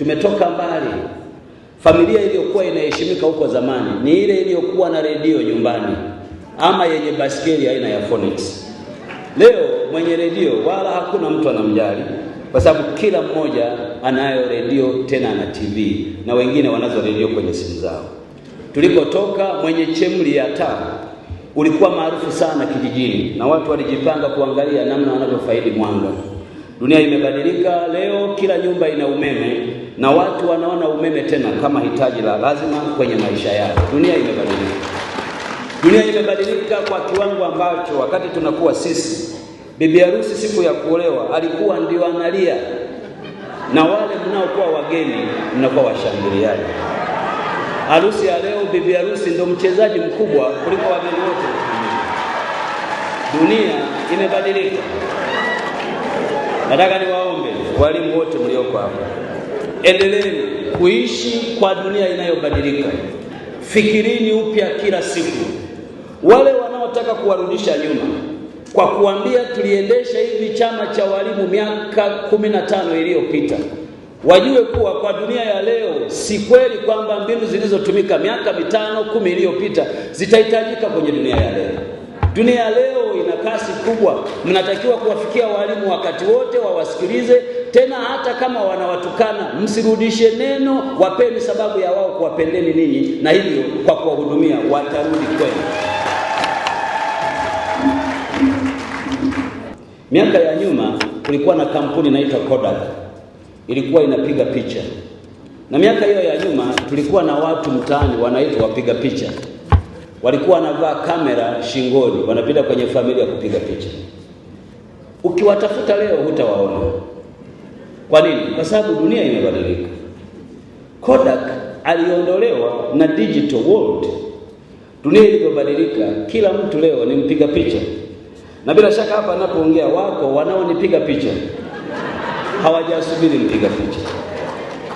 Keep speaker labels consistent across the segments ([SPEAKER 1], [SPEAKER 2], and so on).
[SPEAKER 1] Tumetoka mbali. Familia iliyokuwa inaheshimika huko zamani ni ile iliyokuwa na redio nyumbani ama yenye basikeli aina ya Phoenix. Leo mwenye redio wala hakuna mtu anamjali, kwa sababu kila mmoja anayo redio, tena ana TV na wengine wanazo redio kwenye simu zao. Tulipotoka, mwenye chemli ya taa ulikuwa maarufu sana kijijini, na watu walijipanga kuangalia namna wanavyofaidi mwanga. Dunia imebadilika leo, kila nyumba ina umeme na watu wanaona umeme tena kama hitaji la lazima kwenye maisha yao. Dunia imebadilika, dunia imebadilika kwa kiwango ambacho wakati tunakuwa sisi, bibi harusi siku ya kuolewa alikuwa ndio analia, na wale mnaokuwa wageni mnakuwa washangiliaji. Harusi ya leo, bibi harusi ndio mchezaji mkubwa kuliko wageni wote. Dunia imebadilika. Nataka niwaombe walimu wote mlioko hapa, endeleeni kuishi kwa dunia inayobadilika. Fikirini upya kila siku. Wale wanaotaka kuwarudisha nyuma kwa kuambia tuliendesha hivi chama cha walimu miaka kumi na tano iliyopita wajue kuwa kwa dunia ya leo si kweli kwamba mbinu zilizotumika miaka mitano kumi iliyopita zitahitajika kwenye dunia ya leo. Dunia ya leo leo ina kasi kubwa. Mnatakiwa kuwafikia walimu wakati wote, wawasikilize. Tena hata kama wanawatukana, msirudishe neno, wapeni sababu ya wao kuwapendeni ninyi, na hivyo kwa kuwahudumia watarudi kwenu. Miaka ya nyuma kulikuwa na kampuni inaitwa Kodak, ilikuwa inapiga picha, na miaka hiyo ya nyuma tulikuwa na watu mtaani wanaitwa wapiga picha walikuwa wanavaa kamera shingoni, wanapita kwenye familia kupiga picha. Ukiwatafuta leo hutawaona. Kwa nini? Kwa sababu dunia imebadilika. Kodak aliondolewa na digital world. Dunia ilivyobadilika, kila mtu leo ni mpiga picha, na bila shaka hapa ninapoongea wako wanaonipiga picha hawajasubiri mpiga picha,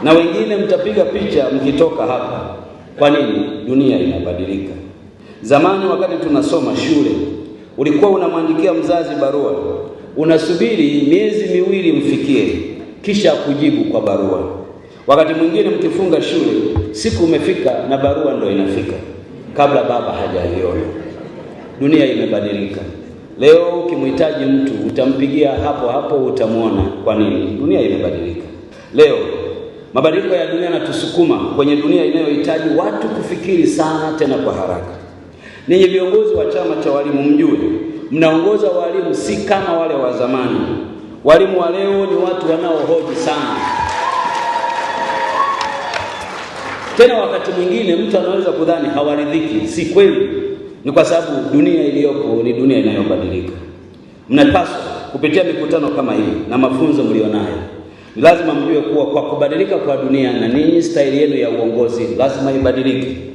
[SPEAKER 1] na wengine mtapiga picha mkitoka hapa. Kwa nini? Dunia inabadilika. Zamani wakati tunasoma shule, ulikuwa unamwandikia mzazi barua, unasubiri miezi miwili mfikie, kisha kujibu kwa barua. Wakati mwingine mkifunga shule, siku umefika na barua ndo inafika kabla baba hajaiona Dunia imebadilika. Leo ukimhitaji mtu utampigia hapo hapo, utamwona. Kwa nini? Dunia imebadilika. Leo mabadiliko ya dunia yanatusukuma kwenye dunia inayohitaji watu kufikiri sana, tena kwa haraka. Ninyi viongozi wa chama cha walimu, mjue mnaongoza walimu si kama wale wa zamani. Walimu wa leo ni watu wanaohoji sana. Tena wakati mwingine mtu anaweza kudhani hawaridhiki. Si kweli, ni kwa sababu dunia iliyopo ni dunia inayobadilika. Mnapaswa kupitia mikutano kama hii na mafunzo mlionayo, lazima mjue kuwa kwa kubadilika kwa dunia na ninyi staili yenu ya uongozi lazima ibadilike.